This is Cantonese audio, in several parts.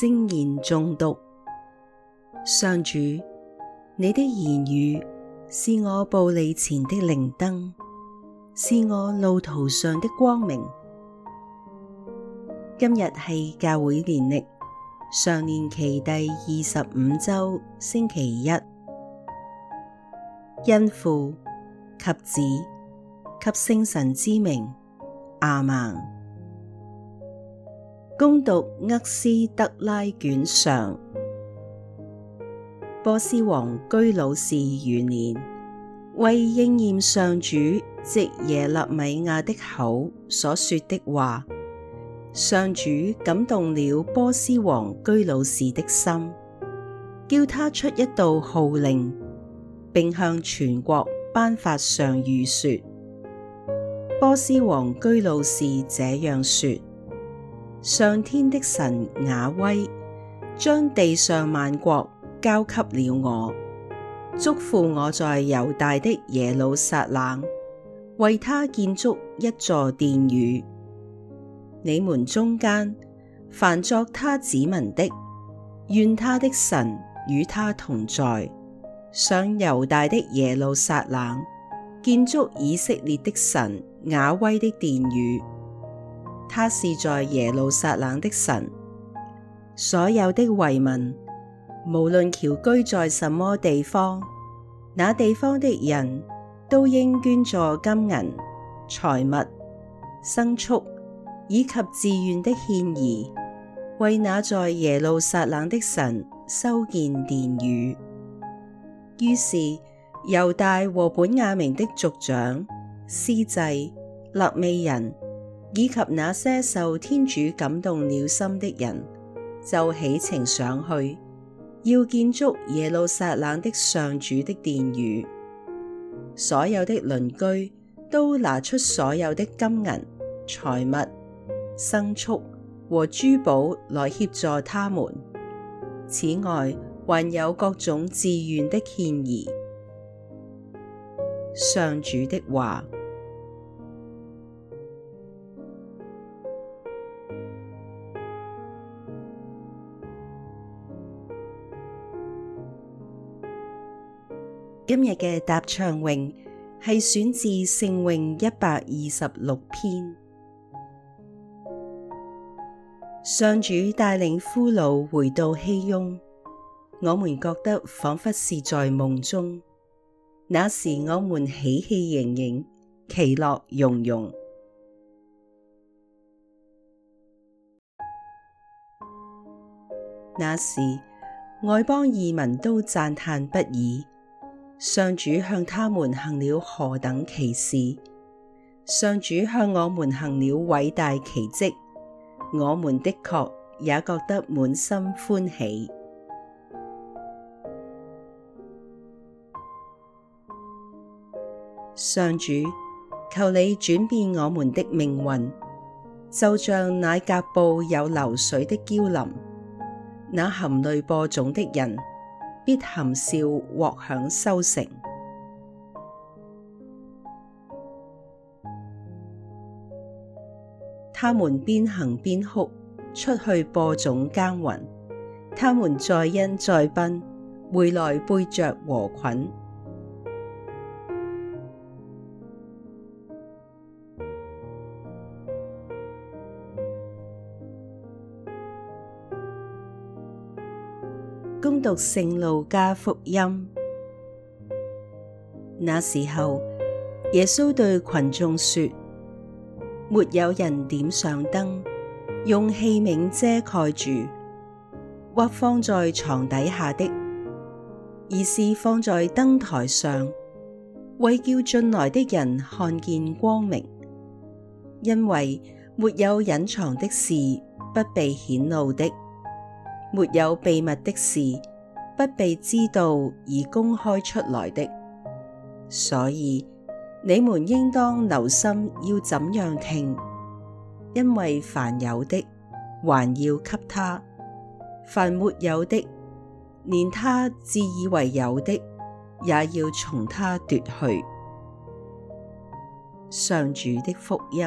聖言誦讀，上主，你的言語是我步履前的靈燈，是我路途上的光明。今日係教會年曆常年期第二十五周星期一，因父及子及聖神之名，阿門。恭讀厄斯德拉卷上，波斯王居魯士元年，為應驗上主藉耶肋米亞的口所說的話，上主感動了波斯王居魯士的心，叫他出一道號令，並向全國頒發上諭說：波斯王居魯士這樣說。上天的神雅威將地上萬國交給了我，囑咐我在猶大的耶路撒冷，為他建築一座殿宇。你們中間凡作他子民的，願他的神與他同在，上猶大的耶路撒冷，建築以色列的神雅威的殿宇。他是在耶路撒冷的神，所有的遺民，無論僑居在什麼地方，那地方的人都應捐助金銀、財物、牲畜以及自願的獻儀，為那在耶路撒冷的神修建殿宇。於是猶大和本雅明的族長、司祭、肋未人。以及那些受天主感動了心的人，就起程上去，要建築耶路撒冷的上主的殿宇。所有的鄰居都拿出所有的金銀、財物、牲畜和珠寶來協助他們。此外，還有各種自願的獻儀。—上主的話。今日嘅答唱詠係選自聖詠一百二十六篇。上主帶領俘虜回到熙雍，我們覺得仿佛是在夢中。那時我們喜氣盈盈，其樂融融。那時外邦異民都讚嘆不已。上主向他們行了何等奇事，上主向我們行了偉大奇蹟，我們的確也覺得滿心歡喜。上主，求你轉變我們的命運，就像乃革布有流水的澆淋，那含淚播種的人。必含笑獲享收成。他們邊行邊哭，出去播種耕耘；他們載欣載奔，回來背着禾捆。恭讀聖路加福音，那時候，耶穌對群眾說：沒有人點上燈，用器皿遮蓋住，或放在床底下的，而是放在燈台上，為叫進來的人看見光明。因為沒有隱藏的事，不被顯露的。沒有秘密的事，不被知道而公開出來的。所以你們應當留心要怎樣聽，因為凡有的還要給他，凡沒有的，連他自以為有的也要從他奪去。上主的福音。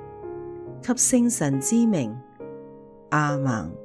及聖神之名，阿們。Man.